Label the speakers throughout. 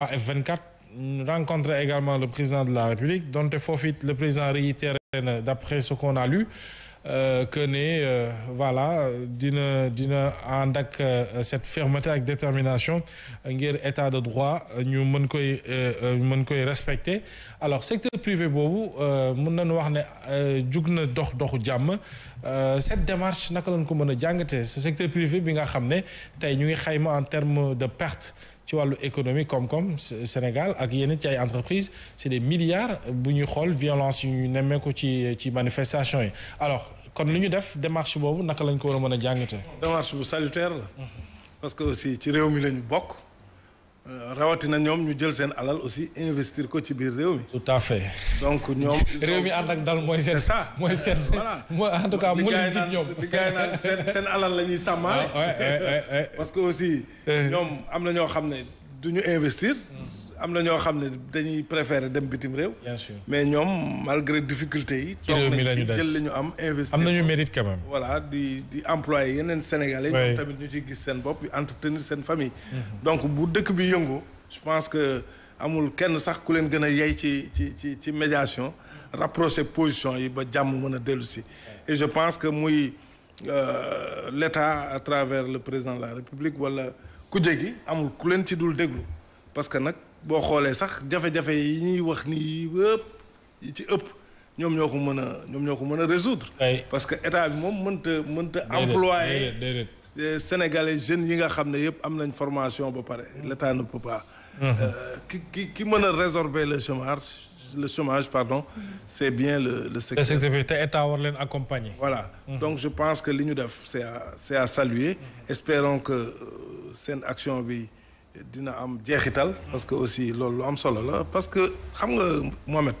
Speaker 1: ah F24 rencontrer également le président de la République donte foofu it le président réitéré na euh, d'après ce qu'on a euh, que ne euh, voilà dina dina ànd ak euh, cette fermeté ak détermination ngir état de droit ñu mën koy mën koy respecter alors secteur privé boobu mën nañu wax ne jug na dox doxu jàmm cette démarche naka lañ ko mën a jàngatee ce secteur privé bi nga xam ne tey ñu ngi xayma en terme de perte ci wàllu économie koom-koom Sénégal ak yenn ci ay entreprises c'est des milliards bu ñuy xool violence yu ñu nemmeeku ci ci manifestation yi alors kon lu ñu def démarche boobu naka lañ ko war a mën a jàngatee.
Speaker 2: démarche bu salutaire la. parce que aussi ci réew mi lañ bokk. Euh, rawatina ñoom ñu jël seen alal aussi investir ko ci biir réew mi. tout à fait. donc ñoom. réew mi ànd ak dal
Speaker 1: mooy seen. c'est ça mooy seen. voilà en tout cas mu leen ci ñoom seen seen alal
Speaker 2: la ñuy sàmmaale. Ah, parce que aussi. Euh. ñoom am na ñoo xam ne du ñu investir. Mm. am na ñoo xam ne dañuy préférer dem bitim réew. bien mais ñoom malgré difficulté yi. ci réew mi ñu des jël li ñu am investir. am
Speaker 1: nañu mérite quand même.
Speaker 2: voilà di di employé yeneen Sénégalais. ñoom tamit ñu ci gis seen bopp entretenir seen famille. Mhm. donc bu dëkk bi yëngu. je pense que amul kenn sax ku leen gën a yey ci ci ci ci médiation. rapprocher position yi ba jàmm mën a dellu si. et je pense que muy euh, l' état à travers le président de la république wala kuje gi amul ku leen ci dul déglu parce que nag. boo xoolee sax jafe-jafe yi ñuy wax nii yëpp yi ci ëpp ñoom ñoo ko mën a ñoom ñoo ko mën a résoudre. parce que état bi moom mënta mënta. employé sénégalais jeunes yi nga xam ne yëpp am nañ formation ba pare l' état ne peut pas. Mm-hmm. Euh, ki mën a résorber le chômage le chômage pardon mm-hmm. c' est bien le le
Speaker 1: secteur. le secteur te état war leen accompagner. voilà mm-hmm. donc je pense que li ñu def c'
Speaker 2: est à saluer. espérons que euh, seen action bi. dina am jeexital parce que aussi loolu lu am solo la parce que xam nga Mohamed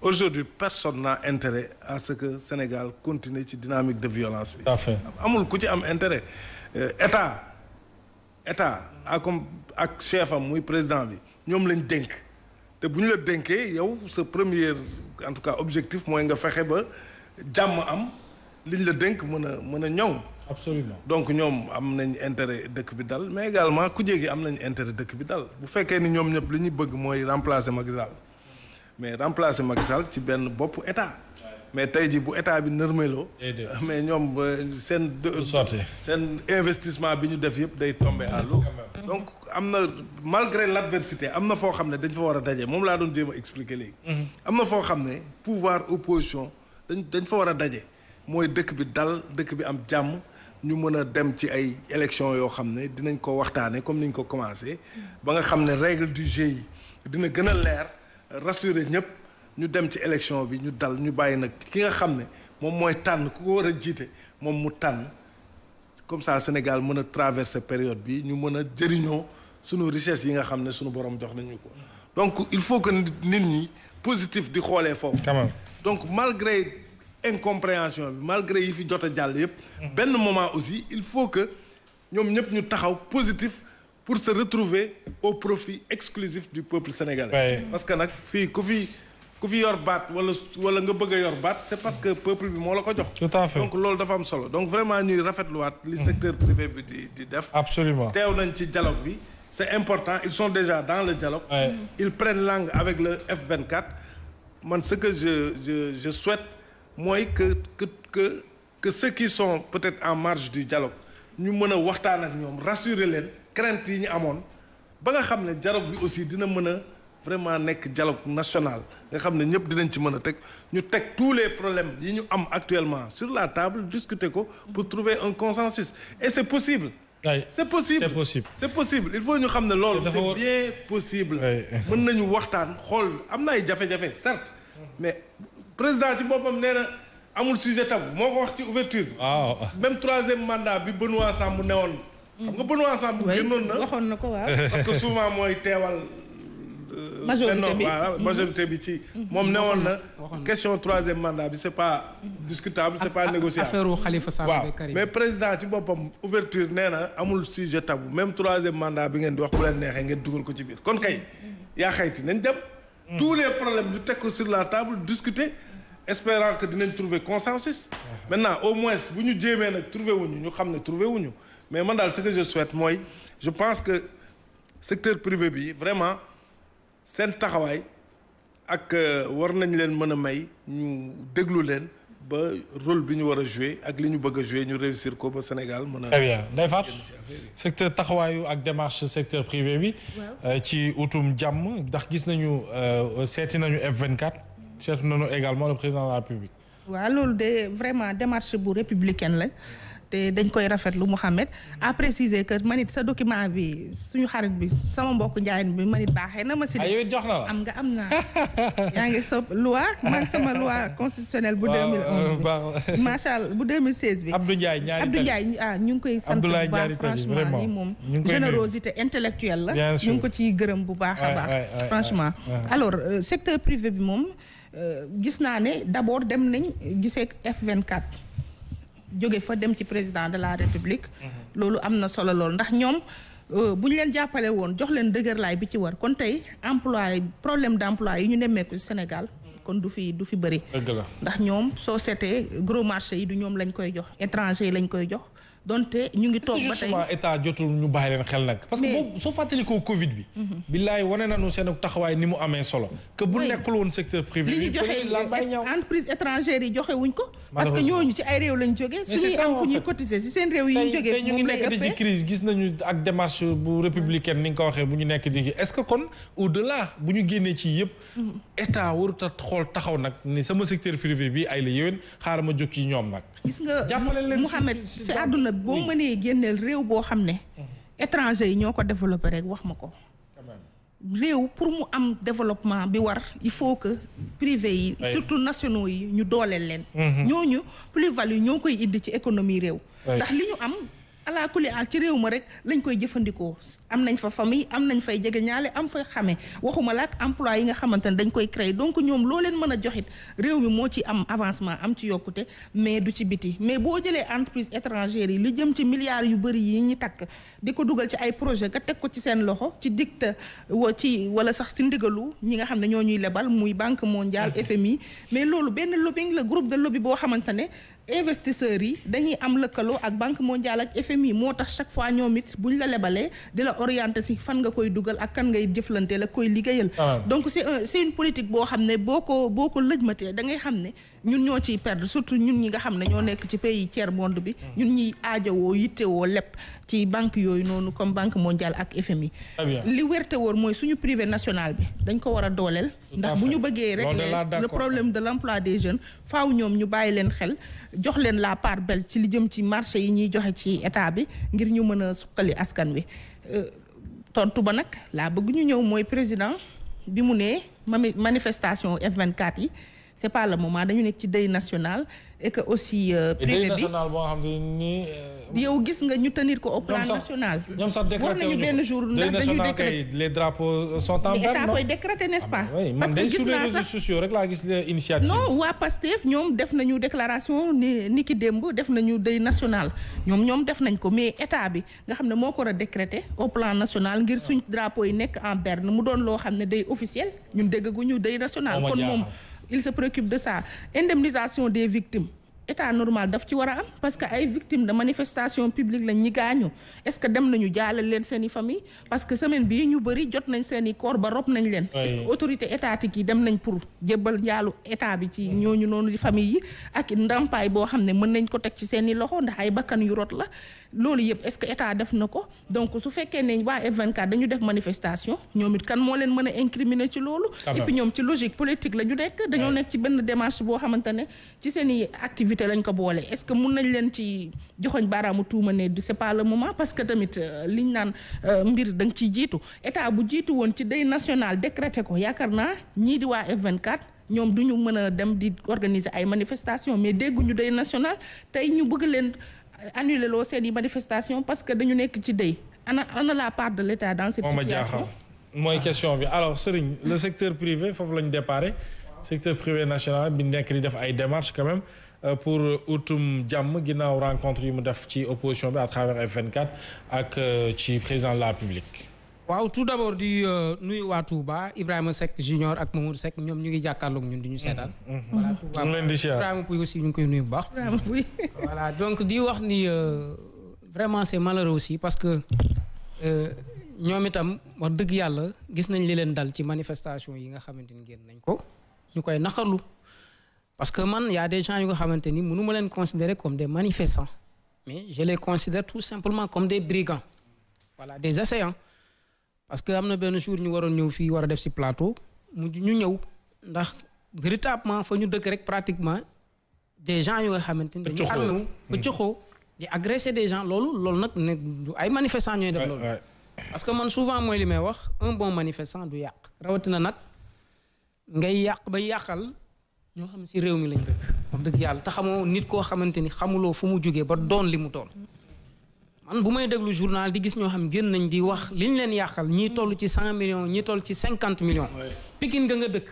Speaker 2: aujourd'hui personne n'a intérêt à ce que Sénégal continue ci dynamique de violence bi amul ku ci am intérêt euh, état état a comme ak chef am muy président bi ñoom lañ dénk te bu ñu la dénkee yow sa premier en tout cas objectif mooy nga fexe ba jàmm am liñ la dénk mën a mën a ñëw absolument donc ñoom am nañ intérêt dëkk bi dal mais également ku jéggi am nañu intéret dëkk bi dal bu fekkee ni ñoom ñëpp li ñu bëgg mooy remplacer Macky Sall mais remplacer Macky Sall ci benn bopp état mais tey jii bu état bi nërmeloo mais ñoom euh, seen seen investissement bi ñu def yëpp day tombé à l'eau donc am na malgré l'adversité am na foo xam ne dañ fa war a daje moom laa doon jéem a expliquer léegi mm-hmm. am na foo xam ne pouvoir opposition dañ dañ fa war a daje mooy dëkk bi dal dëkk bi am jàmm ñu mën a dem ci ay élection yoo xam ne dinañ ko waxtaanee comme niñ ko commencé ba nga xam ne règle du jeu yi dina gën a leer rassurer ñëpp ñu dem ci élection bi ñu dal ñu bàyyi nag ki nga xam ne moom mooy tànn ku ko war a jiite moom mu tànn comme ça Sénégal mën a traverser période bi ñu mën a jëriñoo sunu richesse yi nga xam ne suñu borom jox nañu ko donc il faut que nit ñi positif di xoolee foofu donc malgré incompréhension bi malgré yi fi jot a jàll yëpp. benn moment aussi il faut que ñoom ñëpp ñu taxaw positif pour se retrouver au profit exclusif du peuple sénégalais. parce que nag fii ku fi ku fi yor baat wala wala nga bëgg a yor baat c'est parce que peuple bi moo la ko jox. tout à fait donc loolu dafa am solo donc vraiment ñuy rafetluwaat. li secteur privé bi di di
Speaker 1: def. absolument
Speaker 2: teew nañ ci dialogue bi. c'est important ils sont déjà dans le dialogue. Ouais. ils prennent langue avec le F24 man ce je je mooy que que que que ceux qui sont peut-être en marge du dialogue ñu mën a waxtaan ak ñoom rassurer leen crainte yi ñu amoon ba nga xam ne dialogue bi aussi dina mën a vraiment nekk dialogue national nga xam ne ñëpp dinañ ci mën a teg ñu teg tous les problèmes yi ñu am actuellement sur la table discuter ko pour trouver un consensus et c'est possible oui c'est possible c'est possible c'est possible il faut ñu xam ne loolu c'est bien possible mën nañu waxtaan xool am na ay jafe-jafe certes mais président ci boppam nee na amul sujet tabou moo ko wax ci ouverture waaw même troisième mandat bi Benoît Sambou newoon. xam nga Benoît Sambou génnoon na waxoon na ko waaw. parce que souvent mooy teewal. Euh, majorité bi mhm. majorité bi ci. Mhm. moom newoon na question troisième mandat bi c' est pas discutable c' est pas négociable. affaire
Speaker 3: Khalifa Sall mais
Speaker 2: président boppam ouverture nee na amul sujet tabou même troisième mandat bi ngeen di wax bu leen neexee ngeen dugal ko ci biir kon kay. Mhm. yaa xayti nañ dem. tous les problèmes ñu teg ko sur la table discuter. espérant que dinañ trouver consensus. maintenant au moins bu ñu jéemee nag trouver wuñu ñu xam ne trouver wuñu mais man daal ce que je souhaite mooy je pense que secteur privé bi vraiment seen taxawaay ak euh, war nañ leen mën a may ñu déglu leen ba rôle bi ñu war a jouer ak li ñu bëgg a jouer ñu réussir ko ba Sénégal mën a. très bien
Speaker 1: secteur taxawaayu ak démarche secteur privé bi. Euh, ci utum jàmm ndax gis nañu euh, seeti nañu F24. seetlu nañu également le président de la République.
Speaker 4: waaw loolu de vraiment démarche bu républicaine la te dañ koy rafetlu Mouhamed à préciser que manit sa document bi suñu xarit bi sama mbokk njaayin bi manit baaxee na ma si ah, jox am nga am naa yaa ngi sa loi man sama loi constitutionnelle bu 2011 bi macha allah bu 2016 bi Abdou Ndiaye ñaari Abdou Ndiaye ah ñu ngi koy sant bu baax franchement li moom générosité intellectuelle la ñu ngi ko ciy gërëm bu baax a baax franchement alors euh, secteur privé bi moom Euh, gis naa ne d'abord dem nañ gisee F24 jóge fa dem ci président de la république. Mhm. loolu am na solo lool ndax ñoom euh, bu ñu leen jàppale woon jox leen dëgërlaay bi ci war kon tey emploi problème d'emploi yi ñu nemmeeku Sénégal. kon du fi du fi bëri. ndax ñoom soo seetee gros marché yi du ñoom lañ koy jox étranger lañ koy jox. donte ñu ngi toog ba tey
Speaker 1: état jotul ñu bàyyi xel nag parce que boobu soo fàttalikoo Covid bi mhm. billaay wane nañu seen taxawaay ni mu amee solo que bu nekkul woon secteur privé li ñu joxe
Speaker 4: entreprise étrangère yi joxe wuñ ko parce que ñooñu ci ay réew lañ jógee. suñuy am fu ñuy cotiser si seen réew yi ñu jógee. moom lay ëppee
Speaker 1: tey gis nañu ak démarche bu républicaine ni nga ko waxee bu ñu nekk di est-ce que kon au delà bu ñu génnee ci yëpp. Mhm. état warut a xool taxaw nag ni sama secteur privé bi ay la yéwén xaaral ma jóg yi ñoom nag. gis
Speaker 4: nga Mouhamed si àdduna boo nee génneel réew boo xam ne. Mhm. étranger yi ñoo ko développé rek wax ma ko. réew pour mu am développement bi war il faut que privé yi surtout nationaux yi ñu dooleel leen mhm. ñooñu plus value ñoo koy indi ci économie réew ndax li ñu am ala kulli al ci réew ma rek lañ koy jëfandikoo am nañ fa famille am nañ fay jege ñaale am fa xame waxuma la ak emploi yi nga xamante ne dañ koy créer donc ñoom loo leen mën a joxit réew mi moo ci am avancement am ci yokkute mais du ci biti mais boo jëlee entreprise étrangère yi li jëm ci milliards yu bëri yi ñu takk di ko dugal ci ay projet nga teg ko ci seen loxo ci dicte wa ci wala sax si ndigalu ñi nga xam ne ñoo ñuy lebal muy banque mondial mm-hmm. FMI mais loolu benn lobbying la groupe de lobby boo xamante ne investisseurs yi dañuy am lëkkaloo ak banque mondiale ak FMI moo tax chaque fois ñoom it buñ la lebalee di la orienter si fan nga koy dugal ak kan ngay jëflantee la koy liggéeyal. Ah donc c'est un politique boo xam ne boo ko boo ko lëjmatee da ngay xam ne ñun ñoo ciy perdre surtout ñun ñi nga xam ne ñoo nekk ci pays tiers monde bi. Hmm. ñun ñiy aajowoo woo lépp ci banque yooyu noonu comme banque mondiale ak FMI. li wérte woor mooy suñu privé national bi dañ ko war a dooleel. ndax bu ñu bëggee régler le problème de l'emploi des jeunes faaw ñoom ñu bàyyi leen xel jox leen la part belle ci li jëm ci marché yi ñuy joxe ci état bi ngir ñu mën a suqali askan wi euh, tontu ba nag laa bëgg ñu ñëw mooy président bi mu ne manifestation F24 yi c'est pas le moment dañu nekk ci deuil national et que aussi. Euh, privé bi
Speaker 1: euh,
Speaker 4: yow gis nga ñu tenir ko au plan national.
Speaker 1: ñoom sax décrété war nañu benn jour ndax dañuy décrété les drapeaux sont en berne. état ah, man de sur les réseaux rek laa gis initiative. non
Speaker 4: waa PASTEF ñoom def nañu déclaration ni ni ki démb def nañu deuil national ñoom ñoom def nañ ko mais état bi nga xam ne moo ko war a décrété au plan national ngir suñ drapeau yi nekk en berne mu doon loo xam ne deuil officiel ñun dégg gu ñu deuil national kon moom. il se préoccupe de ça indemnisation des victimes état normal daf ci war a am parce que ay victimes de manifestation publique lañ ñi gaañu est-ce que dem nañu jaalal leen seeni i famille parce que semaine bii ñu bëri jot nañ seeni i corps ba rob nañ leen est-ce que autorité étatique yi dem nañ pour jébbal njaalu état bi ci ñooñu noonu di famille yi ak ndàmpaay boo xam ne mën nañ ko teg ci seen i loxo ndax ay bakkan yu rot la loolu yëpp est-ce que état def na ko donc su fekkee ne waa F24 dañu def manifestation ñoom it kan moo leen mën a incriminer ci loolu ah et ñoom ci logique politique la ñu nekk dañoo nekk ci benn démarche boo xamante ne ci seeni activité lañ ko boole est-ce que mun nañ leen ci joxoñ baaraamu tuuma ne c'est pas le moment parce que tamit euh, liñ naan euh, mbir da nga ciy jiitu état bu jiitu woon ci day national décrété ko yaakaar naa ñii di waa f ñoom duñu mën a dem di organiser ay manifestation mais dégguñu day national tey ñu bëgg leen annulé loo seen i manifestation parce que dañu nekk ci dëy ana ana la part de l'État dans cette situation
Speaker 1: mooy question bi alors Serigne le secteur privé foofu la ñu déparé secteur privé national bi nekk di def ay démarches quand même euh, pour utum jàmm ginnaaw rencontre yi mu def ci opposition bi à travers F24 ak euh, ci président de la République
Speaker 3: waaw tout d'abord di euh, nuyu waa Touba Ibrahima Seck junior ak Mamour Seck ñoom ñu ngi jàkkaarloog ñun di ñu seetaan. Mm-hmm. Mm-hmm. voilà mm-hmm. ñu leen di siyaar Ibrahima Pouy aussi ñu ngi koy nuyu baax. Ibrahima donc di wax ni euh, vraiment c'est malheureux aussi parce que euh, ñoom itam wax dëgg yàlla gis nañ li leen dal ci manifestation yi nga xamante ni génn nañ ko ñu koy naqarlu parce que man yaa a des gens yu nga xamante ni mënu ma leen considérer comme des manifestants mais je les considère tout simplement comme des brigands voilà des assaillants. parce que am na benn jour ñu waroon ñëw fii war a def si plateau mu ju ñu ñëw ndax véritablement fa ñu dëkk rek pratiquement des gens yu nga xamante ni dañu armé ba coxoo di agressé des gens loolu loolu nag ne ay manifestants ñooy def loolu parce que man souvent mooy li may wax un bon manifestant du yàq rawatina nag ngay yàq ba yàqal ñoo xam si réew mi lañ dëkk wax dëgg yàlla te xamoo nit koo xamante ni xamuloo fu mu jógee ba doon li mu doon man bu may déglu journal di gis ñoo xam génn nañ di wax li ñu leen yàqal ñii toll ci cent millions ñii toll ci cinquante millions. Pikine nga nga dëkk.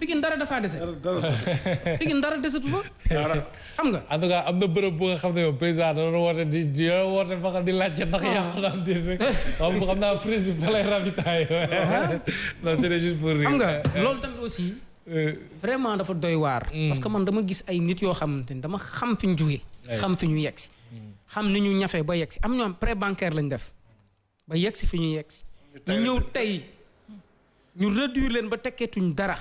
Speaker 3: Pikine dara dafaa dese. Pikine dara desetu fa.
Speaker 1: xam nga. en am na bërëb bu nga xam ne yow di di dana woote ba di laajte ndax ah. yàqu na am déet ah. nga euh, euh. loolu
Speaker 3: tamit aussi. Euh. vraiment dafa doy waar. Hmm. parce que man dama gis ay nit yoo xamante ni dama xam fi ñu jógee. xam fi ñu yegg si. xam ni ñu ñafe ba yegg si am ñoom prêt bancaire lañ def ba yegg si fi ñu yegg si ñu ñëw tey ñu réduire leen ba tekkeetuñ dara.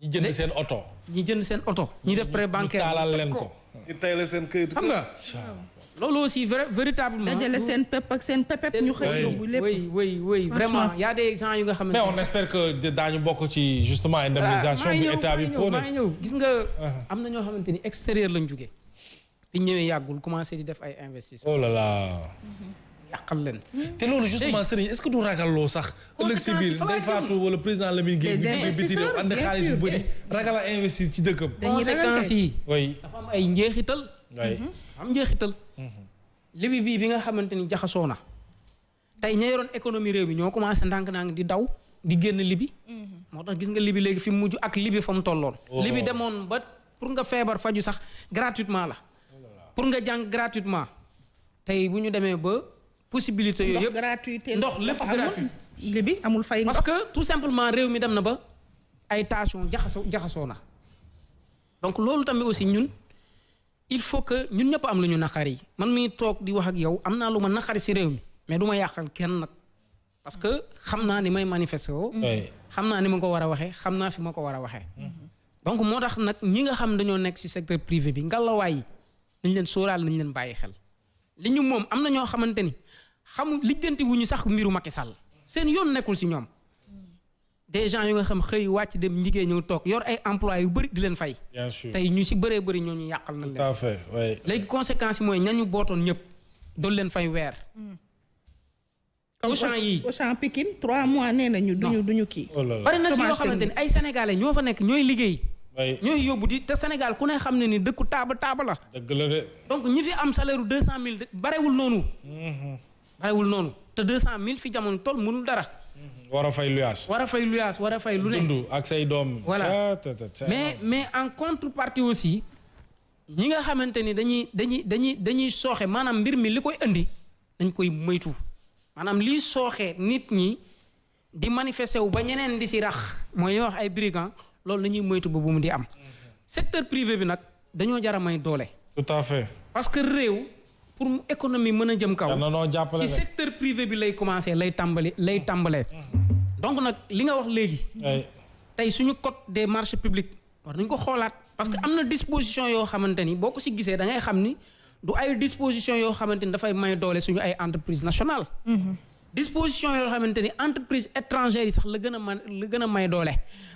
Speaker 1: ñi jënd seen oto.
Speaker 3: ñu jënd seen oto. ñi def prêt bancaire taalal leen ko.
Speaker 2: ñu la seen këyit xam nga.
Speaker 3: loolu aussi vrai véritablement. dajale seen pep ak seen pepep ñu xëy yóbbu lépp. oui oui oui vraiment y a des gens yu nga xamante ne. mais on
Speaker 1: espère que ci justement indemnisation. Ah, bu état bi prôné maa ngi
Speaker 3: ñëw ñëw gis nga. Uh-huh. am na ñoo xamante ni extérieur lañ jógee. bi ñëwee yàggul commencé di def ay
Speaker 1: investissement. oh là là. yàqal leen. Hmm. te loolu justement Serigne est-ce que du ragaloo sax. ëllëg si biir faatu wala président Lamine Gueye. des investisseurs ànd ci dëkkam. conséquences yi. oui
Speaker 3: dafa am ay njeexital. am njeexital. Mhm. libi bii bi nga xamante ni jaxasoo na. tey ña yoroon économie réew bi ñoo commencé naa ndànk di daw di génn libi. Mhm. moo tax gis nga libi léegi fi mu mujj ak libi fa mu tolloon. Oh. libi demoon ba pour nga feebar faju sax gratuitement la. pour nga jàng gratuitement tey bu ñu demee ba possibilité yooyu yëpp ndox lépp gratuit bi amul fay parce que tout simplement réew mi dem na ba ay tension jaxasoo jaxasoo na donc loolu tamit aussi ñun il faut que ñun ñëpp am lu ñu naqari man mi toog di wax ak yow am naa lu ma naqari si réew mi mais du ma yàqal kenn nag parce que xam naa ni may manifester woo xam naa ni ma ko war a waxee xam naa fi ma ko war a waxee mm-hmm. donc moo tax nag ñi nga xam dañoo nekk si secteur privé bi nañ leen sóoraal nañ leen bàyyi xel li ñu moom am na ñoo xamante ni xamu lijjanti wuñu sax mbiru Macky Sall seen yoon nekkul si ñoom des gens yu nga xam xëy wàcc dem liggéey ñëw toog yor ay emploi yu bëri di leen fay. bien ñu si bëree bëri ñoo ñu yàqal nañ leen.
Speaker 1: tout
Speaker 3: léegi conséquence yi mooy ñañu bootoon ñëpp doon leen fay weer. Hmm.
Speaker 1: Auchan yi
Speaker 4: Auchan Pikine trois mois nee nañu. duñu duñu kii. Oh bari na si yoo xamante ni
Speaker 3: ay sénégalais ñoo fa nekk ñooy liggéey. ñooy yóbbu di te Sénégal ku ne xam ne ni dëkku taaba taaba la.
Speaker 4: dëgg
Speaker 1: la de.
Speaker 3: donc ñi fi am salaire ru deux cent mille barewul noonu. Mhm. barewul noonu te deux cent mille fi jamono toll mënul dara.
Speaker 1: Mhm. war a fay luyaas. war a fay luyaas war a fay lu ne. dund ak say doom. voilà mais
Speaker 3: mais en contre contrepartie aussi. ñi nga xamante ni dañuy dañuy dañuy dañuy sooxe maanaam mbir mi li koy indi dañ koy moytu maanaam liy sooxe nit ñi di manifester wu ba ñeneen di si rax mooy wax ay brigand loolu la ñuy moytu ba bu mu di am. secteur privé bi nag dañoo jar may doole. tout parce que réew pour mu économie mën a jëm kaw. ci secteur privé bi lay commencé lay tàmbali lay tàmbalee. donc nag li nga wax léegi. tey suñu code des marchés publics war nañ ko xoolaat. parce que am na disposition yoo xamante ni boo ko si gisee da ngay xam ni du ay disposition yoo xamante ni dafay may doole suñu ay entreprise nationale mhm. disposition yoo xamante ni entreprise étrangère yi sax la gën a man la gën a may doole